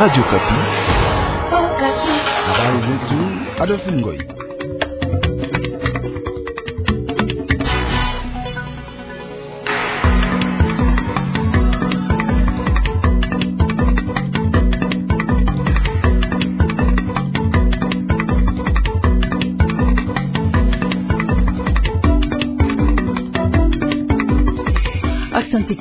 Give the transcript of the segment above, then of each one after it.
Radio Kapi. Oh, Kapi. Habari zetu Adolfine Ngoi.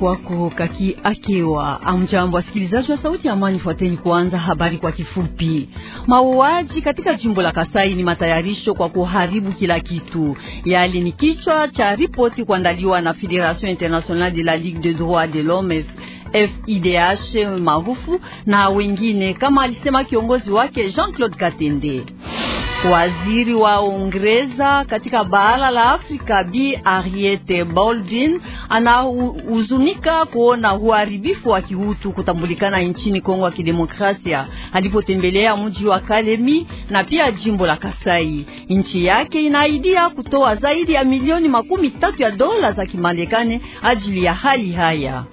kwako kaki akewa. Amjambo wasikilizaji wa Sauti ya Amani, fuateni kuanza habari kwa kifupi. Mauaji katika jimbo la Kasai ni matayarisho kwa kuharibu kila kitu. Yali ni kichwa cha ripoti kuandaliwa na Federation Internationale de la Ligue des Droits de l'Homme FIDH eh, maarufu na wengine, kama alisema kiongozi wake Jean-Claude Katende. Waziri wa Uingereza katika bara la Afrika Bi Ariete Baldwin anahuzunika kuona uharibifu wa kiutu kutambulikana nchini Kongo ya Kidemokrasia alipotembelea mji wa Kalemi na pia jimbo la Kasai. Nchi yake inaidia kutoa zaidi ya milioni makumi tatu ya dola za Kimarekani ajili ya hali haya.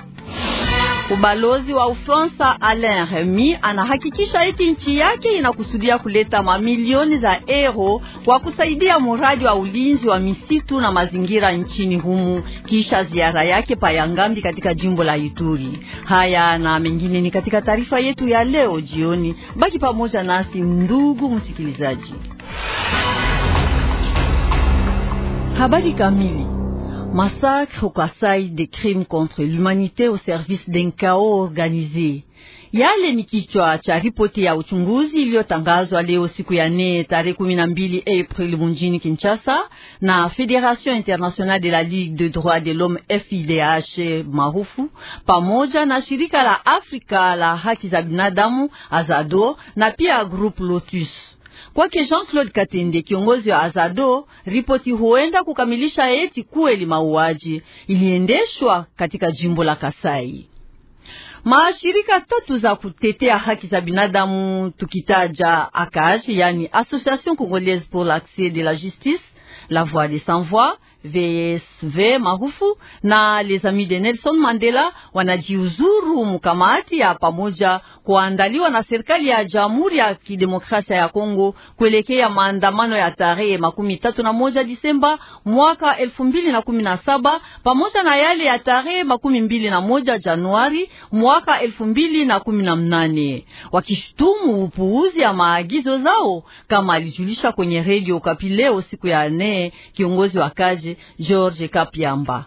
Ubalozi wa Ufaransa Alain Remy anahakikisha eti nchi yake inakusudia kuleta mamilioni za euro kwa kusaidia mradi wa ulinzi wa misitu na mazingira nchini humu kisha ziara yake Payangambi katika jimbo la Ituri. Haya na mengine ni katika taarifa yetu ya leo jioni. Baki pamoja nasi ndugu msikilizaji. Habari kamili Massacre ou Kassai, des crimes contre l'humanité au service d'un chaos organisé. Il y kichwa les ripoti ya uchunguzi iliyotangazwa leo siku ya nne tarehe kumi na mbili April munjini Kinshasa na Federation Internationale de la Ligue de Droits de l'Homme FIDH maarufu pamoja na shirika la Afrika la haki za binadamu Azado na pia Groupe Lotus. Kwake Jean-Claude Katende, kiongozi wa Azado, ripoti huenda kukamilisha eti kweli mauaji iliendeshwa katika jimbo la Kasai. Mashirika tatu za kutetea haki za binadamu tukitaja ACAJ, yani Association Congolaise pour l'Accès de la Justice, la Voix des Sans Voix VSV maarufu na Les Amis de Nelson Mandela wanajiuzuru mkamati ya pamoja kuandaliwa na serikali ya Jamhuri ya Kidemokrasia ya Kongo kuelekea maandamano ya tarehe makumi tatu na moja Disemba mwaka elfu mbili na kumi na saba pamoja na yale ya tarehe makumi mbili na moja Januari mwaka elfu mbili na kumi na mnane wakishutumu upuuzi ya maagizo zao, kama alijulisha kwenye redio kapileo siku ya nne kiongozi wa kazi George Kapiamba.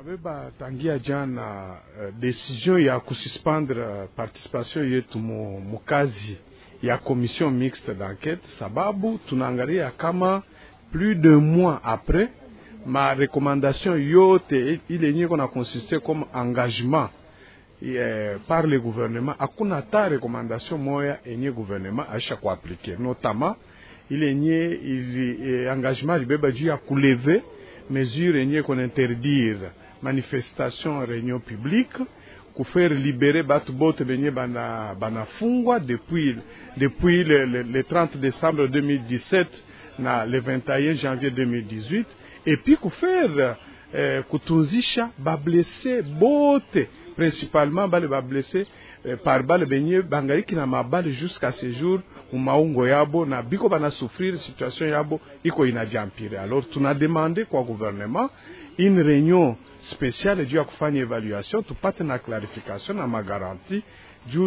Abeba tangia jana uh, decision ya kususpendre eh, participation yetu mukazi ya commission mixte d'enquête, sababu tunaangalia kama plus de mois après ma recommandation yote ile yenyewe kona consiste comme engagement eh, par le gouvernement, hakuna ta recommandation moya enye gouvernement aisha kuaplike notamment Il ile yenye engagement libeba juu ya kuleve mesure qu'on interdit manifestation réunion publique kufaire libérer libérer bote benye bana banafungwa depuis, depuis le, le 30 décembre 2017 le 21 janvier 2018 et puis kufaire eh, kutunzisha bablesse bote principalement bale ben, bablesse eh, par bale Bangali bangaliki na mabale jusqu'à ce jour maungo yabo na biko souffrir situation yabo iko inajiampire. Alors tu demandé kwa gouvernement une réunion spéciale évaluation. ya évaluation, tu pas na clarification na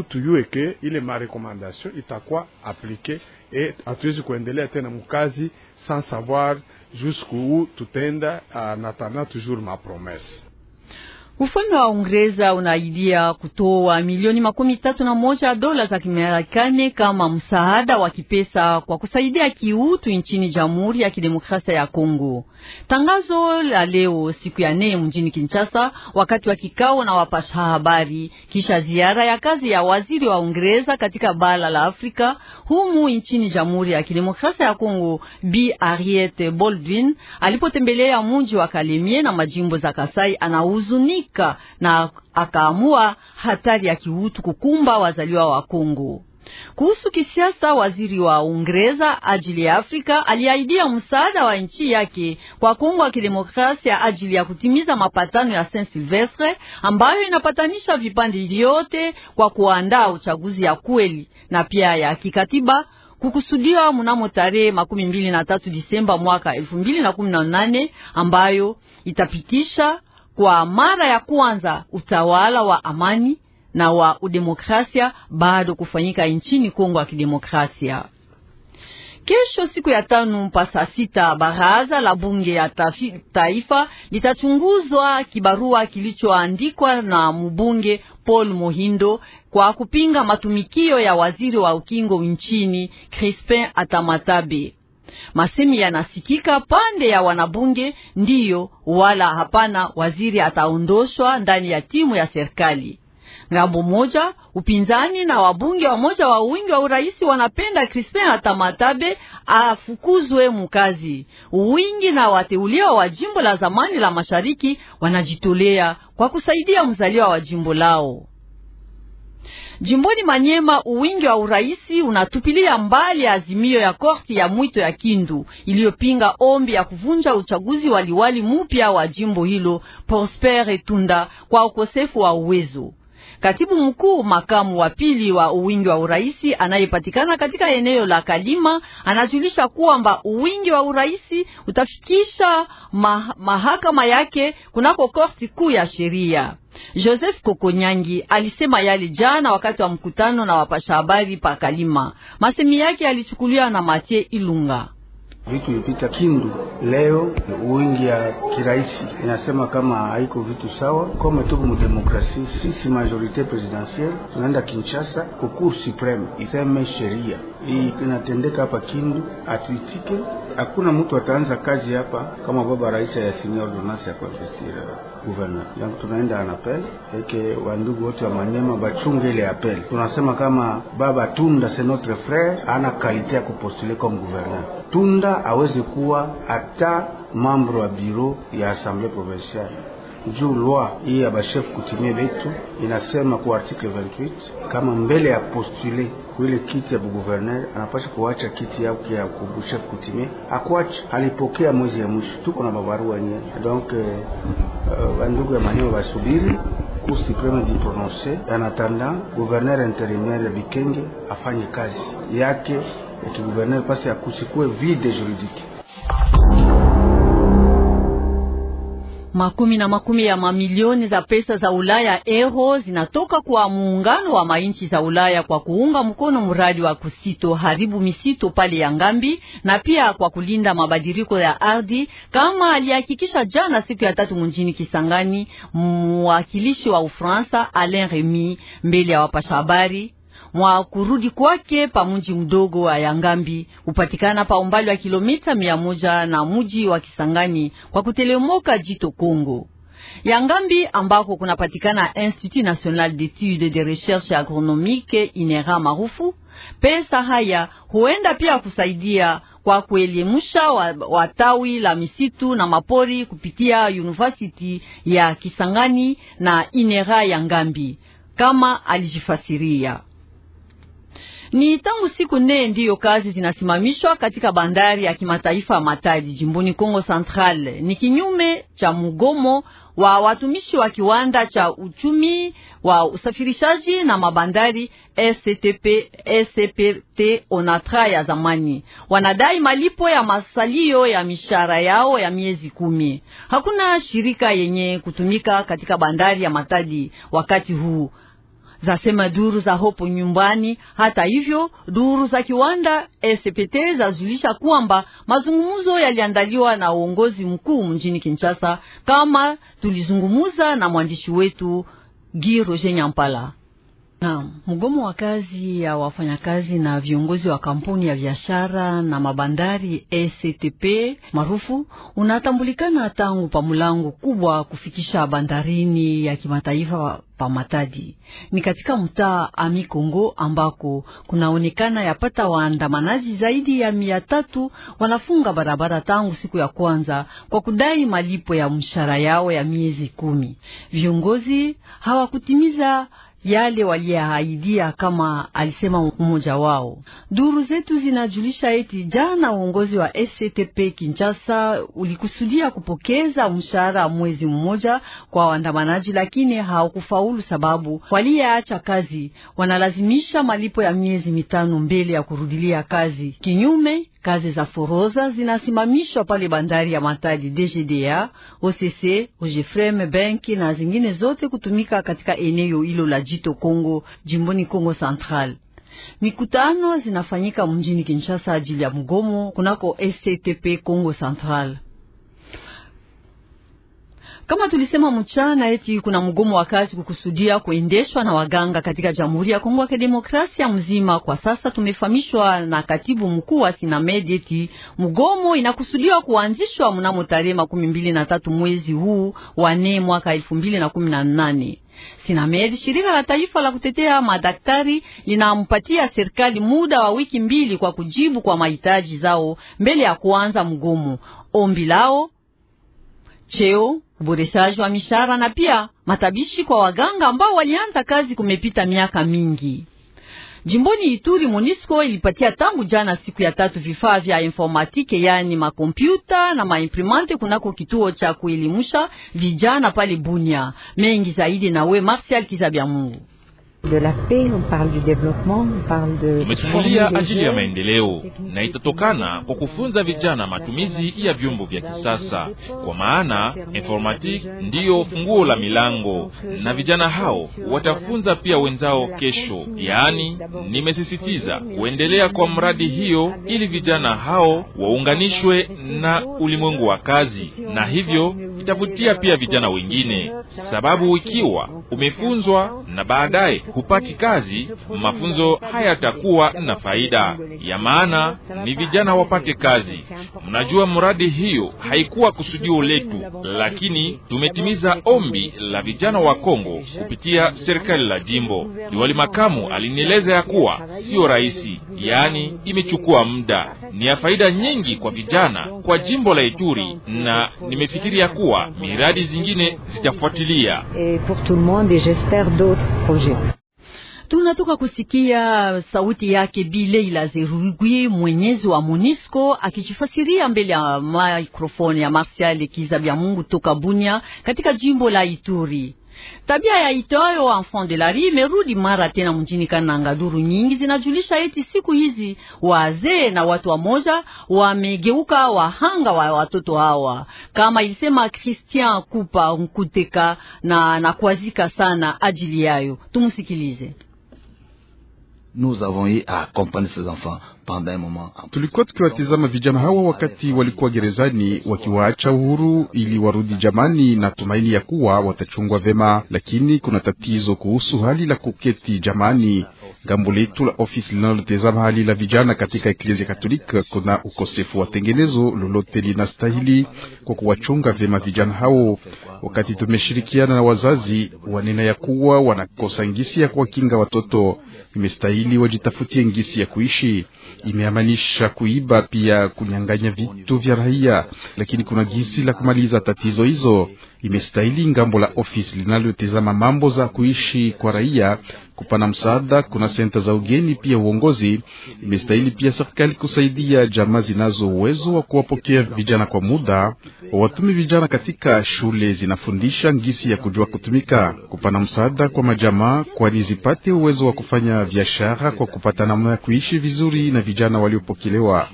tu juu il ile ma recommandation quoi appliquer et e hatuwezi kuendelea tena mukazi, sans savoir jusqu'où tutenda, attendant toujours ma promesse Ufalme wa Uingereza unaidia kutoa milioni makumi tatu na moja dola za Kimarekani kama msaada wa kipesa kwa kusaidia kiutu nchini Jamhuri ya Kidemokrasia ya Kongo. Tangazo la leo siku ya nne mjini Kinshasa wakati wa kikao na wapasha habari kisha ziara ya kazi ya waziri wa Uingereza katika bara la Afrika humu nchini Jamhuri ya Kidemokrasia ya Kongo, Bi Ariete Baldwin alipotembelea mji wa Kalemie na majimbo za Kasai anahuzunika kuhuzunika na akaamua hatari ya kiutu kukumba wazaliwa wa Kongo. Kuhusu kisiasa, waziri wa Uingereza ajili ya Afrika aliahidia msaada wa nchi yake kwa Kongo ya kidemokrasia ajili ya kutimiza mapatano ya Saint Silvestre ambayo inapatanisha vipande vyote kwa kuandaa uchaguzi ya kweli na pia ya kikatiba kukusudiwa mnamo tarehe makumi mbili na tatu Disemba mwaka elfu mbili na kumi na nane ambayo itapitisha kwa mara ya kwanza utawala wa amani na wa udemokrasia bado kufanyika nchini Kongo ya Kidemokrasia. Kesho siku ya tano pa saa sita baraza la bunge ya taifa litachunguzwa kibarua kilichoandikwa na mbunge Paul Mohindo kwa kupinga matumikio ya waziri wa ukingo nchini Crispin Atamatabe. Masemi yanasikika pande ya wanabunge ndiyo wala hapana, waziri ataondoshwa ndani ya timu ya serikali. Ngambo moja upinzani na wabunge wamoja wa wingi wa uraisi wanapenda Crispin Atamatabe afukuzwe mukazi. Wingi na wateuliwa wa jimbo la zamani la mashariki wanajitolea kwa kusaidia mzaliwa wa jimbo lao. Jimboni Manyema, uwingi wa uraisi unatupilia mbali azimio ya korti ya mwito ya Kindu iliyopinga ombi ya kuvunja uchaguzi wa liwali mupya wa jimbo hilo Prosper Etunda kwa ukosefu wa uwezo. Katibu mkuu makamu wa pili wa uwingi wa uraisi anayepatikana katika eneo la Kalima anajulisha kwamba uwingi wa uraisi utafikisha ma mahakama yake kunako korti kuu ya sheria. Joseph Kokonyangi alisema yale jana wakati wa mkutano na wapasha habari pa Kalima. Masemi yake yalichukuliwa na Matie Ilunga vitu ipita Kindu leo uwingi ya kiraisi inasema kama haiko vitu sawa, kome tuku mdemokrasi sisi majorite presidentielle tunaenda Kinshasa kukur supreme iseme sheria hii inatendeka hapa Kindu atuitike hakuna mtu ataanza kazi hapa kama baba rais senior donasi ya kuafisira uh, governor yangu. Tunaenda anapel eke wandugu wote wa Manyema bachunge ile apel. Tunasema kama baba Tunda se notre frere ana kalite ya kupostule comme gouverneur. Tunda aweze kuwa ata membre wa bureau ya assemblée provinciale juu loi hii ya bashefu kutimie betu inasema ku article 28 kama mbele ya postule kuile kiti ya buguverner anapasha kuacha kiti yake ya kubushefu kutimie, akuacha alipokea mwezi ya mwisho. Tuko na mabarua yenyewe donc bandugu euh, euh, uh, ya maneo basubiri Cour supreme di prononce. En attendant gouverneur intérimaire ya Bikenge afanye kazi yake ya kiguverner pasi, akusikue vide juridique makumi na makumi ya mamilioni za pesa za Ulaya euro zinatoka kwa muungano wa mainchi za Ulaya kwa kuunga mkono mradi wa kusito haribu misito pale ya Ngambi na pia kwa kulinda mabadiliko ya ardhi, kama alihakikisha jana siku ya tatu mjini Kisangani mwakilishi wa Ufaransa Alain Remy mbele ya wapasha habari mwa kurudi kwake pa mji mdogo wa Yangambi upatikana pa umbali wa kilomita mia moja na mji wa Kisangani kwa kutelemoka jito Kongo. Yangambi ambako kunapatikana Institut National d'Etudes de Recherche Agronomique INERA maarufu. Pesa haya huenda pia kusaidia kwa kuelimisha watawi wa la misitu na mapori kupitia University ya Kisangani na INERA Yangambi, kama alijifasiria. Ni tangu siku nne ndiyo kazi zinasimamishwa katika bandari ya kimataifa ya Matadi jimboni Kongo Central. Ni kinyume cha mgomo wa watumishi wa kiwanda cha uchumi wa usafirishaji na mabandari STP, SPT Onatra ya zamani. Wanadai malipo ya masalio ya mishahara yao ya miezi kumi. Hakuna shirika yenye kutumika katika bandari ya Matadi wakati huu zasema duru za hopo nyumbani. Hata hivyo, duru za kiwanda SPT zazulisha kwamba mazungumzo yaliandaliwa na uongozi mkuu mjini Kinshasa, kama tulizungumuza na mwandishi wetu giroje Nyampala. Na mgomo wa kazi ya wafanyakazi na viongozi wa kampuni ya biashara na mabandari ECTP maarufu unatambulikana tangu pa mlango kubwa kufikisha bandarini ya kimataifa pa Matadi. Ni katika mtaa Amikongo ambako kunaonekana yapata waandamanaji zaidi ya mia tatu wanafunga barabara tangu siku ya kwanza kwa kudai malipo ya mshahara yao ya miezi kumi. Viongozi hawakutimiza yale waliyaaidia, kama alisema mmoja wao. Duru zetu zinajulisha eti jana uongozi wa SCTP Kinshasa ulikusudia kupokeza mshahara mwezi mmoja kwa waandamanaji, lakini haukufaulu sababu waliyeacha kazi wanalazimisha malipo ya miezi mitano mbele ya kurudilia kazi. Kinyume, kazi za foroza zinasimamishwa pale bandari ya Matadi. DGDA, OCC, Ojefreme, benki na zingine zote kutumika katika eneo hilo la Digital Kongo, jimboni Congo Central. Mikutano zinafanyika mjini Kinshasa ajili ya mgomo kunako STP Congo Central. Kama tulisema mchana, eti kuna mgomo wa kazi kukusudia kuendeshwa na waganga katika Jamhuri ya Kongo ya Kidemokrasia mzima. Kwa sasa tumefahamishwa na katibu mkuu wa Sinamedi eti mgomo inakusudiwa kuanzishwa mnamo tarehe makumi mbili na tatu mwezi huu wa nne mwaka elfu mbili na kumi na nane. Sinamedi, shirika la taifa la kutetea madaktari, linampatia serikali muda wa wiki mbili kwa kujibu kwa mahitaji zao mbele ya kuanza mgomo. Ombi lao cheo, uboreshaji wa mishahara na pia matabishi kwa waganga ambao walianza kazi kumepita miaka mingi. Jimboni Ituri, Monisco ilipatia tangu jana siku ya tatu vifaa vya informatike yaani makompyuta na maimprimante kunako kituo cha kuelimusha vijana pale Bunia. Mengi zaidi nawe Martial Kizabya Mungu. Tumesukulia ajili ya maendeleo na itatokana kwa kufunza vijana matumizi ya vyombo vya kisasa, kwa maana informatiki ndiyo funguo la milango, na vijana hao watafunza pia wenzao kesho. Yaani, nimesisitiza kuendelea kwa mradi hiyo ili vijana hao waunganishwe na ulimwengu wa kazi na hivyo kitavutia pia vijana wengine, sababu ikiwa umefunzwa na baadaye hupati kazi, mafunzo hayatakuwa na faida. Ya maana ni vijana wapate kazi. Mnajua, mradi hiyo haikuwa kusudio letu, lakini tumetimiza ombi la vijana wa Kongo kupitia serikali la jimbo. Liwali makamu alinieleza ya kuwa siyo rahisi, yaani imechukua muda, ni ya faida nyingi kwa vijana kwa jimbo la Ituri, na nimefikiria kuwa kuwa miradi zingine zitafuatilia. Tunatoka kusikia sauti yake Bileila Zerugwi, mwenyezi wa Monisco, akijifasiria mbele ya mikrofoni ya Marsial Kiza Bya Mungu toka Bunya katika jimbo la Ituri. Tabia ya itoayo enfant de la rue merudi mara tena mjini Kananga. Duru nyingi zinajulisha eti siku hizi wazee na watu wamoja wamegeuka wahanga wa watoto hawa, kama ilisema Christian Kupa Nkuteka, na nakwazika sana ajili yayo. Tumsikilize nous avons eu à accompagner ces enfants pendant un moment. Tulikuwa tukiwatizama vijana hawa wakati walikuwa gerezani, wakiwaacha uhuru ili warudi jamani na tumaini ya kuwa watachungwa vema, lakini kuna tatizo kuhusu hali la kuketi jamani ngambo letu la ofisi linalotazama hali la vijana katika Eklezia Katolika, kuna ukosefu wa tengenezo lolote linastahili kwa kuwachunga vyema vijana hao. Wakati tumeshirikiana na wazazi, wanena ya kuwa wanakosa ngisi ya kuwakinga watoto, imestahili wajitafutie ngisi ya kuishi. Imeamanisha kuiba pia kunyang'anya vitu vya raia, lakini kuna gisi la kumaliza tatizo hizo. Imestahili ngambo la ofisi linalotazama mambo za kuishi kwa raia kupana msaada, kuna senta za ugeni pia uongozi. Imestahili pia serikali kusaidia jamaa zinazo uwezo wa kuwapokea vijana kwa muda, wawatumi vijana katika shule zinafundisha ngisi ya kujua kutumika, kupana msaada kwa majamaa, kwani zipate uwezo wa kufanya biashara kwa kupata namna ya kuishi vizuri na vijana waliopokelewa.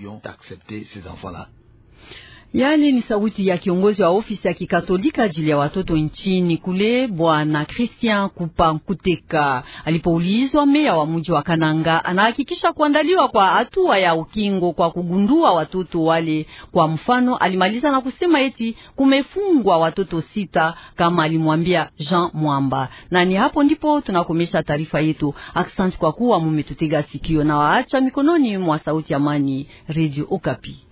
Yale ni sauti ya kiongozi wa ofisi ya Kikatolika ajili ya watoto nchini kule, Bwana Christian Kupankuteka. Alipoulizwa, meya wa mji wa Kananga anahakikisha kuandaliwa kwa hatua ya ukingo kwa kugundua watoto wale. Kwa mfano, alimaliza na kusema eti kumefungwa watoto sita kama alimwambia Jean Mwamba. Na ni hapo ndipo tunakomesha taarifa yetu. aksanti kwa kuwa mumetutega sikio na waacha mikononi mwa sauti ya amani, Radio Okapi.